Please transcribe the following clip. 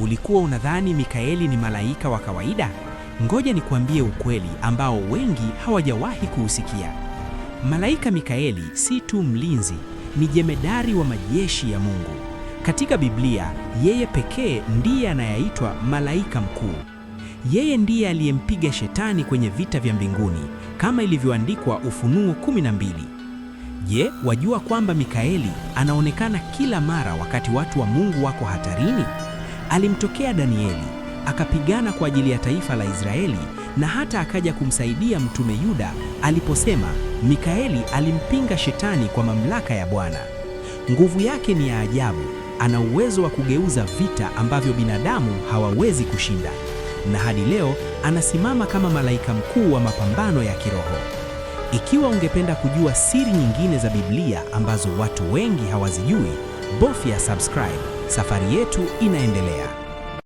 Ulikuwa unadhani Mikaeli ni malaika wa kawaida? Ngoja nikuambie ukweli ambao wengi hawajawahi kuusikia. Malaika Mikaeli si tu mlinzi, ni jemedari wa majeshi ya Mungu. Katika Biblia, yeye pekee ndiye anayeitwa malaika mkuu. Yeye ndiye aliyempiga shetani kwenye vita vya mbinguni kama ilivyoandikwa Ufunuo 12. Je, wajua kwamba Mikaeli anaonekana kila mara wakati watu wa Mungu wako hatarini? alimtokea Danieli, akapigana kwa ajili ya taifa la Israeli na hata akaja kumsaidia mtume Yuda aliposema Mikaeli alimpinga shetani kwa mamlaka ya Bwana. Nguvu yake ni ya ajabu, ana uwezo wa kugeuza vita ambavyo binadamu hawawezi kushinda. Na hadi leo anasimama kama malaika mkuu wa mapambano ya kiroho. Ikiwa ungependa kujua siri nyingine za Biblia ambazo watu wengi hawazijui, bofya subscribe. Safari yetu inaendelea.